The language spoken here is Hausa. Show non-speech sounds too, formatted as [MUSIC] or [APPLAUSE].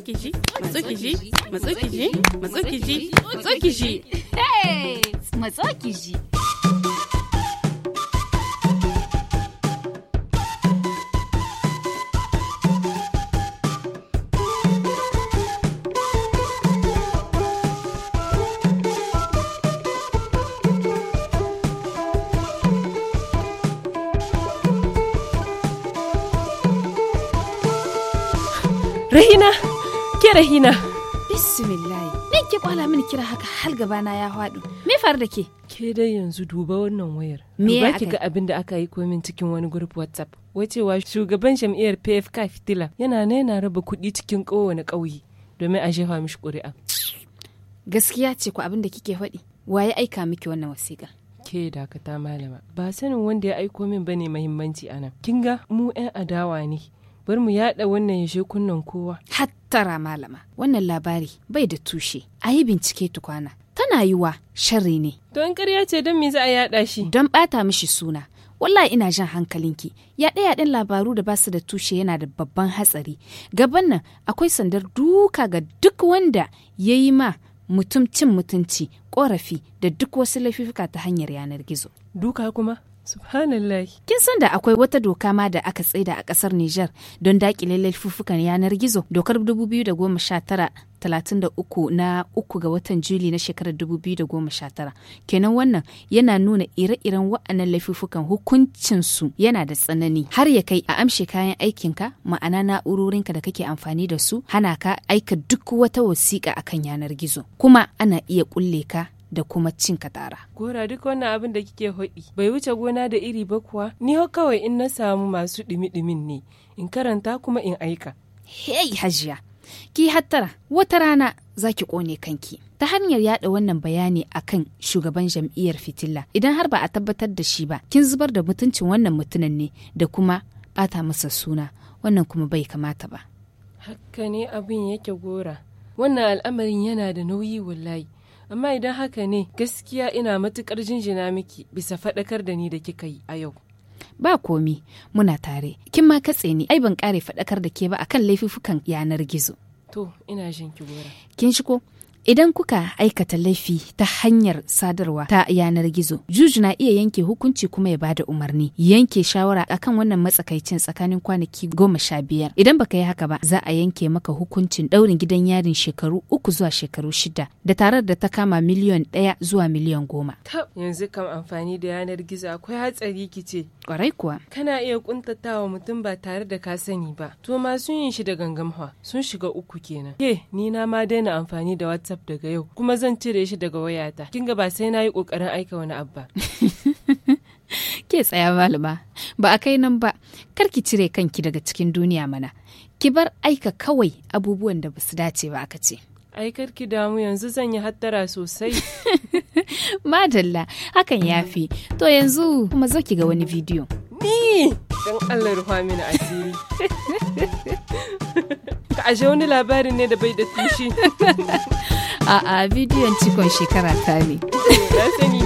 Matsukiji, Matsukiji, Matsukiji, Matsukiji, Matsukiji. Hey! Matsukiji. Regina! Ke Rahina. Bismillah. Me ke kwala mini kira haka hal gabana ya haɗu. Me faru da ke? Ke dai yanzu duba wannan wayar. Me ya ga abin da aka yi min cikin wani group WhatsApp. Wacewa shugaban jam'iyyar PFK Fitila yana na raba kuɗi cikin kowane ƙauye domin a jefa mishi ƙuri'a. Gaskiya ce ku abin da kike faɗi. Waye aika miki wannan wasiƙa? ke dakata malama ba sanin wanda ya aiko min bane muhimmanci anan kin ga mu yan adawa ne bar mu yada wannan ya kunnan kowa hat tara malama wannan labari bai da tushe a yi bincike tukwana tana yiwa sharri ne don ƙarya ce don me za a yada shi don bata mishi suna wallahi ina jan hankalinki yaɗe yaɗen labaru da basu da tushe yana da babban hatsari gaban nan akwai sandar duka ga duk wanda ya yi ma mutum cin mutunci korafi da duk wasu laifuka ta hanyar yanar gizo duka kuma Subhanallah. Kin san da akwai wata doka ma da aka tsaida a kasar Nijar don daƙile laifuffukan yanar gizo. Dokar 2019-33 na uku ga watan Juli na shekarar 2019. Kenan wannan yana nuna ire-iren wa'annan laifuffukan hukuncinsu yana da tsanani. Har ya kai a amshe kayan aikinka, ma'ana na'urorinka da kake amfani da su, hana ka aika duk wata wasiƙa akan yanar gizo. Kuma ana iya ƙulle ka da kuma cin katara. Gora duk wannan abin da kike hoɗi bai wuce gona da iri ba kuwa ni ho kawai in na samu masu ɗimi ɗumin ne in karanta kuma in aika. Hei hajiya ki hattara wata rana za ki ƙone kanki. Ta hanyar yada wannan bayani akan shugaban jam'iyyar fitila idan har ba a tabbatar da shi ba kin zubar da mutuncin wannan mutumin ne da kuma bata masa suna wannan kuma bai kamata ba. Hakka ne abin yake gora wannan al'amarin yana da nauyi wallahi. amma idan haka ne gaskiya ina matukar jinjina miki bisa faɗakar da ni da kika yi a yau ba komi muna tare kin ma katse ni ai ban kare faɗakar da ke ba akan laifukan yanar gizo to ina jin ki gora kin shigo Idan kuka aikata laifi ta hanyar sadarwa ta yanar gizo, juju na iya yanke hukunci kuma ya bada umarni, yanke shawara akan wannan matsakaicin tsakanin kwanaki goma sha biyar. Idan baka yi haka ba, za a yanke maka hukuncin ɗaurin gidan yarin shekaru uku zuwa shekaru shida, da tare da ta kama miliyan ɗaya zuwa miliyon goma. yanzu kam amfani da yanar gizo akwai hatsari kice. Kwarai kuwa. Kana iya kuntatawa mutum ba tare da ka sani ba. To ma sun yi shi da gangamwa sun shiga uku kenan. Ke, ni na ma daina amfani da wata. WhatsApp daga yau kuma zan cire shi daga wayata. Kin ga ba sai na yi ƙoƙarin aika wani abba. [LAUGHS] ke tsaya malama ba a kai nan ba kar ki cire kanki daga cikin duniya mana ki bar aika kawai abubuwan da ba su dace ba aka ce ai kar ki damu yanzu zan yi hattara sosai [LAUGHS] madalla hakan ya fi to yanzu kuma zo ki ga wani bidiyo ni Don allah ruwa mini asiri [LAUGHS] ashe wani labarin ne da bai da tushe. [LAUGHS] A'a bidiyon cikon shekara ta ne. Eh, na